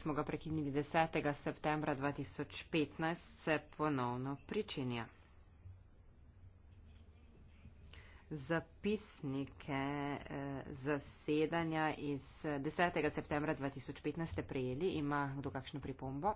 smo ga prekinili 10. septembra 2015, se ponovno pričenja. Zapisnike eh, zasedanja iz 10. septembra 2015 ste prejeli. Ima kdo kakšno pripombo?